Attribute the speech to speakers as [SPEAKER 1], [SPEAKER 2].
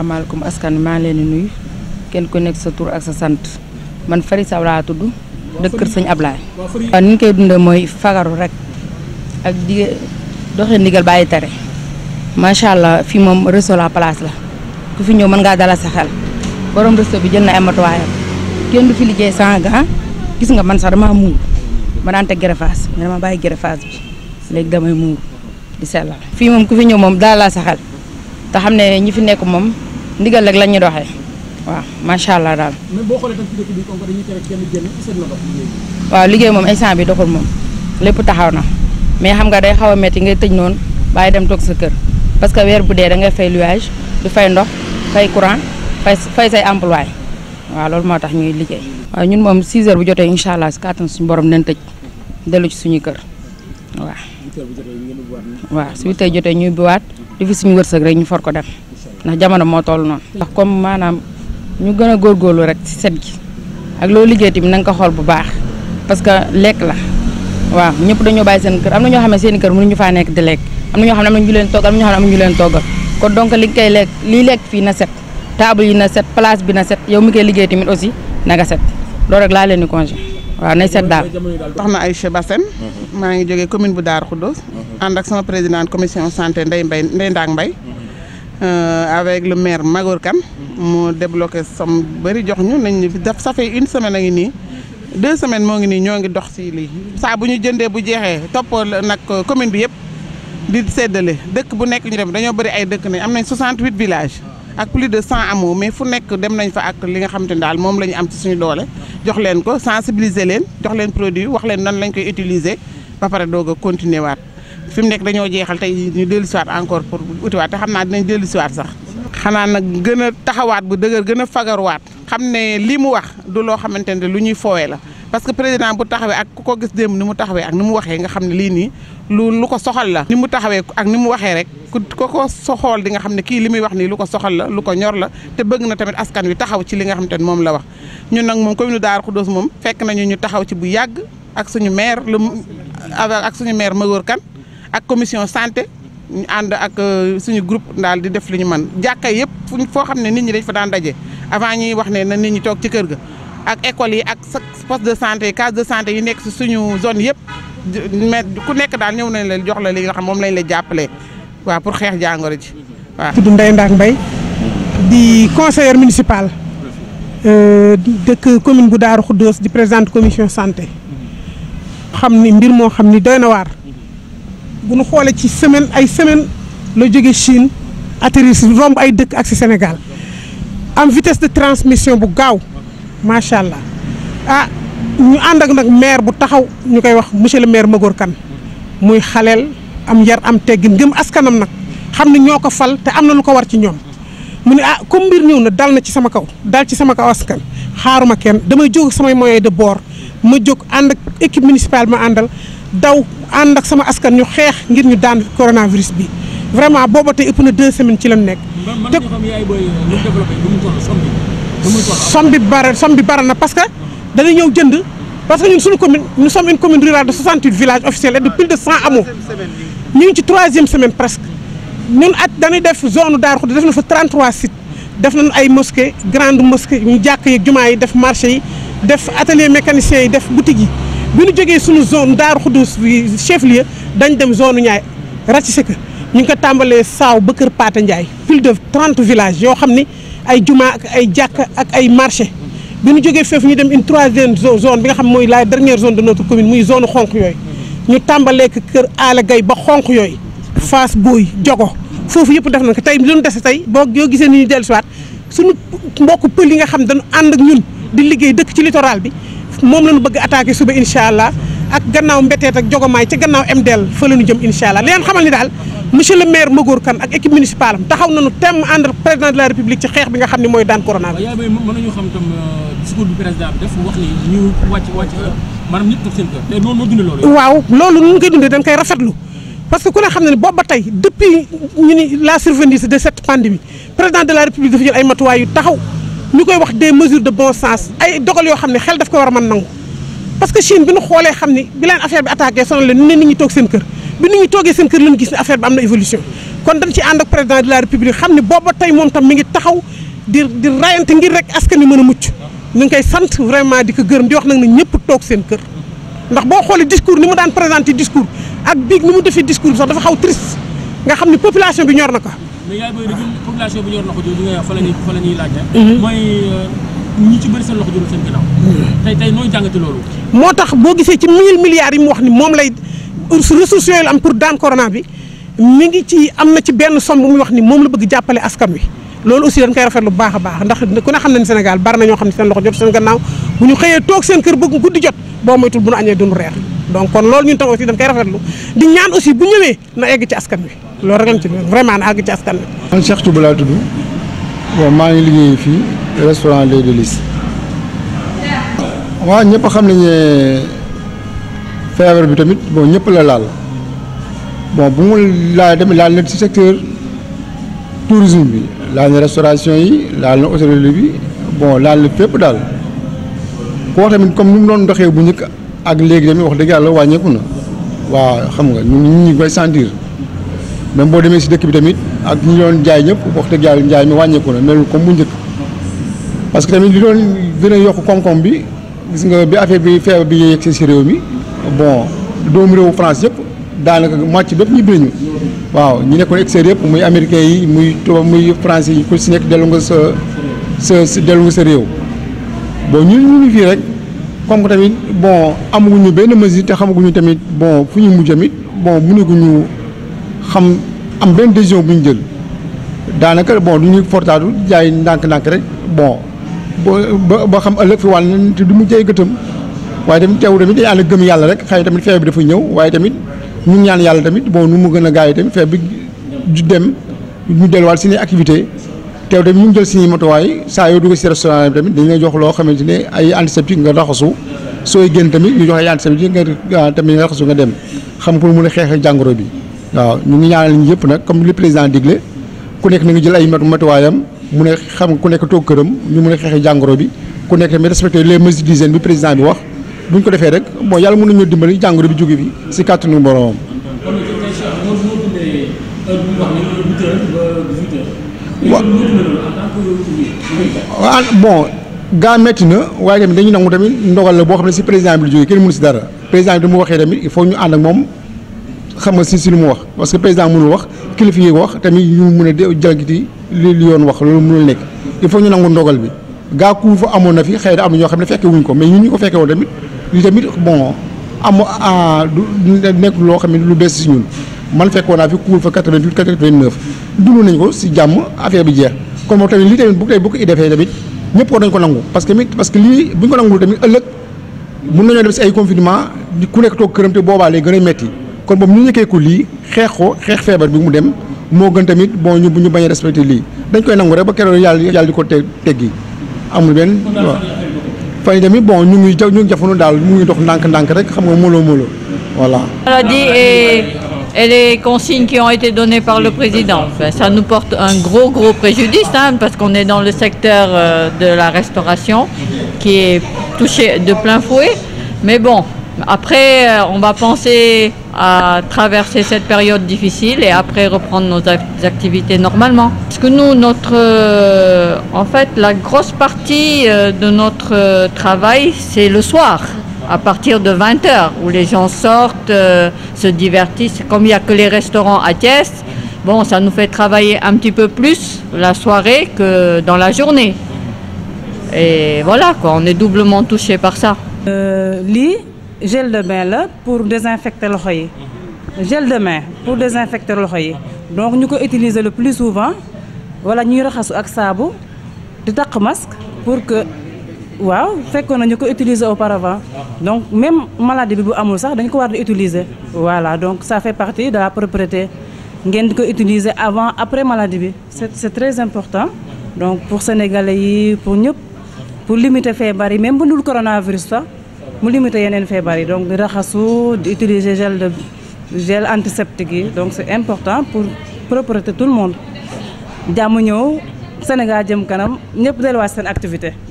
[SPEAKER 1] asalaamaaleykum askan maa ngi leen di nuyu kenn ku nekk sa tur ak sa sant man Fary sa laa tudd dëkk kër sëñ Ablaye. waaw ni ñu koy dundee mooy fagaru rek ak di doxe ndigal bàyyi tere macha allah fii moom resto la place la ku fi ñëw mën ngaa dala sa xel borom resto bi jël na ay matuwaayam kenn du fi liggéey sans gants gis nga man sax damaa muur ma daan teg gërëfaas mais dama bi léegi damay muur di sellal. fii moom ku fi ñëw moom dala sa xel te ndigal rek la ñu waaw macha allah daal. waaw liggéey moom instant bi doxul moom lépp taxaw na mais xam nga day xaw a métti ngay tëj noonu bàyyi dem toog sa kër parce que weer bu dee da ngay fay luwaage du fay ndox fay courant fay fay say emploi waaw loolu moo tax ñuy liggéey. waaw ñun moom 6 heures bu jotee incha allah si kàttan suñu borom dinañ tëj dellu ci suñu kër waaw. waaw su 8 jotee ñu ubbiwaat di fi suñu wërsëg rek ñu for ko dem. ndax jamono moo toll noonu. ndax comme maanaam ñu gën a góorgóorlu rek ci set gi ak loo liggéey tamit na ko xool bu baax parce que lekk la waaw ñëpp dañoo bàyyi seen kër am na ñoo xam ne seen kër mënuñu faa nekk di lekk am na ñoo xam ne am na ñu leen togg am na ñoo xam ne amuñu toggal kon donc li koy lekk liy lekk fii na set table yi na set place bi na set yow mi koy liggéey tamit aussi na nga set loolu rek laa leen di congé waaw nay set daal.
[SPEAKER 2] tax na Aïcha Bassène mhm. maa ngi jógee commune bu Darou Khoudoss mhm. ànd ak sama présidente commission santé Ndeye Mbaye Ndeye Ndak Mbaye mhm. Euh, avec le maire Magor kan mu débloqué somme bari jox ñu nañ def ça fait une semaine a ngi nii deux semaines moo ngi nii ñoo ngi dox si lii saa bu ñu jëndee bu jeexee toppoo nag commune bi yëpp di seddale dëkk bu nekk ñu dem dañoo bëri ay dëkk nañ am nañ 68 villages ak plus de 100 hameaux mais fu nekk dem nañ fa ak li nga xam te ne daal moom la ñu am ci suñu doole jox leen ko sensibiliser leen jox leen produit wax leen nan lañ koy utiliser ba pare doog a continuer waat fi mu nekk dañoo jeexal tey ñu dellusiwaat encore pour utiwaat te xam naa dinañ dellusiwaat sax. xanaa nag gën a taxawaat bu dëgër gën a fagaruwaat xam ne lii mu wax du loo xamante ne lu ñuy foowee la parce que président bu taxawee ak ku ko gis démb ni mu taxawee ak ni mu waxee nga xam ne lii nii lu lu ko soxal la. ni mu taxawee ak ni mu waxee rek ku ko soxool di nga xam ne kii li muy wax nii lu ko soxal la lu ko ñor la te bëgg na tamit askan wi taxaw ci li nga xamante ne moom la wax ñu nag moom commune Darou Khoudoss moom fekk nañu ñu taxaw ci bu yàgg ak suñu maire lu ak suñu maire Magor Kane ak commission santé ñu ànd ak euh, suñu groupe daal di def li ñu man jàkka yëpp fuñ foo xam ne nit ñi dañ fa daan daje avant ñuy wax ne na nit ñi toog ci kër ga ak école yi ak poste de santé case de santé yi nekk si suñu zone yëpp ku nekk daal ñëw nañ la jox la li nga xam moom lañ la jàppalee waaw pour xeex jàngoro ji waaw. tudd Ndeye Ndaak
[SPEAKER 3] Mbaye di conseillère municipal euh, dëkk commune bu Daaru Xuddoos di présidente commission santé xam ni mbir moo xam ni doy na bu nu xoolee ci semaine ay semaine la jóge Chine atterri romb ay dëkk ak si Sénégal am vitesse de transmission bu gaaw macha allah ah ñu ànd ak nag maire bu taxaw ñu koy wax monsieur le maire Magor kan muy xaleel am yar am teggin gëm askanam nag xam ne ñoo ko fal te am na lu ko war ci ñoom mu ne ah comme mbir ñëw na dal na ci sama kaw dal ci sama kaw askan xaaruma kenn damay jóg samay moyens de bord ma jóg ànd ak équipe municipale ma àndal. daw ànd ak sama askan ñu xeex ngir ñu daan coronavirus bi vraiment booba tey ëpp na deux semaine ci lañ nekk. te somme bi bare somme bi bare na parce que dañuy ñëw jënd parce que ñun suñu commune nous sommes une commune rurale de 68 villages officiels et de plus de 100 hameaux ñu ngi ci troisième semaine presque ñu at dana def zone Darou Khoudoss def na fa 33 sites def nañ ay mosquée grande mosquée ñu jàkk yeeg jumaa yi def marché yi def atelier mécanicien yi def boutique yi. bi ñu jógee suñu zone Daaru Xuddus bi chef lieu dañ dem zone ñaay ratissé ñu ngi ko tàmbalee Saaw ba Kër Paata Ndiaye plus de trente village yoo xam ni ay juma ak ay jàkk ak ay marché bi ñu jógee foofu ñu dem une troisième zone bi nga xam mooy la dernière zone de notre commune muy zone xonq yooyu ñu tàmbalee ko kër Aala Gay ba xonq yooyu Fass Booy Jogo foofu yëpp def nañ ko tey lu ñu dese tey boo yoo gisee ni ñu dellusiwaat suñu mbokk pël yi nga xam dañu ànd ak ñun di liggéey dëkk ci littoral bi moom la ñu bëgg attaqué suba incha allah ak gannaaw mbeteet ak jogomaay ca gannaaw MDL fa la ñu jëm incha leen xamal ni daal monsieur le maire Magor Kane ak équipe municipale am taxaw nañu temm ànd ak président de la république ci xeex bi nga xam ne mooy daan corona waaw euh, euh, loolu. waaw loolu nu ñu koy dundee dañ koy rafetlu. parce que ku ne xam na ne boobu ba tey depuis ñu ni la survenance de cette pandémie président de la république dafa jël ay matuwaay yu taxaw ñu koy wax des mesures de bon sens ay dogal yoo xam ne xel daf ko war a mën nangu parce que Chine bi ñu xoolee xam ni bi leen affaire bi attaqué sonal leen ne nit ñi toog seen kër bi nit ñi toogee seen kër lañu gis ne affaire bi am na évolution kon dañ ci ànd ak président de la république xam ne booba tey moom tam mi ngi taxaw di rayante ngir rek askan wi mën a mucc ñu ngi koy sant vraiment di ko gërëm di wax nag ne ñëpp toog seen kër ndax boo xoolee discours ni mu daan présenté discours ak biig ni mu defee discours bi nga xam ne population bi ñor na ko.
[SPEAKER 2] mais yaay booy na ko
[SPEAKER 3] la ñuy fa la ñuy laajte. Mhm. Euh, ci bëri seen loxo jëlul mhm. loolu. moo tax boo gisee ci mille milliards yi mu wax ni moom lay ressources yooyu la am pour daan corona bi mi ngi ci am na ci benn somme bu muy wax ni moom la bëgg jàppale askan wi. loolu aussi dañ koy rafetlu bu baax a baax ndax ku ne xam ne Sénégal bari na ñoo xam ne seen loxo jot seen gannaaw bu ñu xëyee toog seen kër bëgg guddi jot boo moytul bu ñu añee dund reer donc kon loolu ñu tam aussi dañ koy rafetlu di ñaan aussi bu ñëwee na egg ci askan wi loolu rek ci vraiment àgg ci askan wi.
[SPEAKER 4] man Cheikh Touba laa tudd bon maa ngi liggéey fii restaurant de Délices. waaw ñëpp xam nañ ne feebar bi tamit bon ñëpp la laal bon bu mu laal tamit laal na ci secteur tourisme bi laal na restauration yi laal na hôtellerie bi bon laal na fépp daal koo tamit comme ni mu doon doxee bu njëkk ak léegi tamit wax dëgg yàlla wàññeeku na waa xam nga ñun ñu koy sentir. même boo demee si dëkk bi tamit ak ñu doon jaay ñëpp wax dëgg yàlla njaay mi wàññeeku na melul comme bu njëkk parce que tamit li doon gën a yokk koom-koom bi gis nga bi affaire bi feebar bi yegg si réew mi bon doomu réewu France yëpp daanaka màcc bépp ñibbi nañu waaw ñu nekkoon extérieur yëpp muy américains yi muy tubaab muy français yi ku si nekk dellu nga sa sa dellu nga sa réew bon ñun ñu fii rek comme que tamit bon amaguñu benn mesure te xamaguñu tamit bon fu ñu mujj bon mënaguñu. xam am benn décision bu ñu jël daanaka bon du ñuy fortaatu jaay ndànk-ndànk rek bon ba ba xam ëllëg fi wàll te du mu jëy gëtam waaye tamit teew tamit dañu ànd gëm yàlla rek xëy tamit bi dafa ñëw waaye tamit ñu ñaan yàlla tamit bon nu mu gën a gaay tamit feeb bi du dem ñu delluwaat seen activité teew tamit ñu ngi jël suñuy matuwaay saa yoo dugg si restaurant bi tamit dañu jox loo xamante ne ay antiseptique nga raxasu sooy génn tamit ñu jox ay antiseptique nga ah, tamit nga raxasu nga dem xam pour mun a xeex jàngoro bi waaw ñu ngi ñaanal ñu yëpp nag comme li président digle ku nekk na ngi jël ay matuwaayam mu ne xam ku nekk toog këram ñu mun a xeexee jàngoro bi ku nekk tamit respecté les mesures d'hygiène bi président bi wax bu ñu ko defee rek bon yàlla mën nañoo dimbali jàngoro bi jóge fi si kàttanu boroomam. waaw ah, bon gaa métti na waaye tamit dañu nangu tamit ndogal la boo xam ne si président bi la jógee kenn mënu si bi mu waxee tamit il faut ñu ànd ak moom. xam nga si si lu mu wax parce que président mënul wax kilifa yi wax tamit ñu mën a wax loolu mënul nekk il faut ñu nangu ndogal bi gaa ku fa amoon na fi am na ñoo xam ne fekke wuñ ko mais ñun ñu ko fekke ah, loo xam ne lu bees si ñun man fekkoon naa fi kuul fa 88 89 dund nañ ko si jàmm affaire bi jeex parce que parce que lii bu ñu ko nangul tamit ëllëg def si ay confinement ku nekk toog këram te boobaa lay gën a metti kon boobu ñu njëkkee ko lii xeex ko xeex feebar bi mu dem moo gën tamit bon ñu ñu bañ a lii dañ koy nangu rek ba keroog yàlla yàlla di ko te teggi amul benn waaw fan yi tamit bon ñu ngi ja ñu daal mu ngi dox ndànk-ndànk rek xam nga molo molo voilà.
[SPEAKER 1] maladie et, et les consignes qui ont été données par le président enfin, nous porte un gros gros préjudice parce qu'on est dans le secteur euh, de la restauration qui est touché de plein fouet mais bon. Après, euh, on va penser à traverser cette période difficile et après reprendre nos activités normalement. Parce que nous, notre, euh, en fait, la grosse partie euh, de notre euh, travail, c'est le soir, à partir de 20h, où les gens sortent, euh, se divertissent. Comme il n'y a que les restaurants à Thiès, bon, ça nous fait travailler un petit peu plus la soirée que dans la journée. Et voilà, quoi, on est doublement touché par ça. Euh, lii gel de main la pour désinfecter loxo yi gel de main pour désinfecter loxo yi donc ñu ko utiliser le plus souvent wala ñuy raxasu ak saabu di takk masque pour que waaw fekkoon na ñu ko utiliser auparavant donc même maladie bi bu amul sax dañ ko war di utiliser voilà donc ça fait partie de la propreté ngeen di ko utiliser avant après maladie bi c'est c'est très important donc pour sénégalais yi pour ñëpp pour limiter feebar yi même bu dul coronavirus sax mu limiter yeneen feebar yi donc di raxasu di utiliser gel de gel antiseptique yi donc c'est important pour propreté tout le monde jàmm ñëw Sénégal jëm kanam ñëpp delluwaat seen activité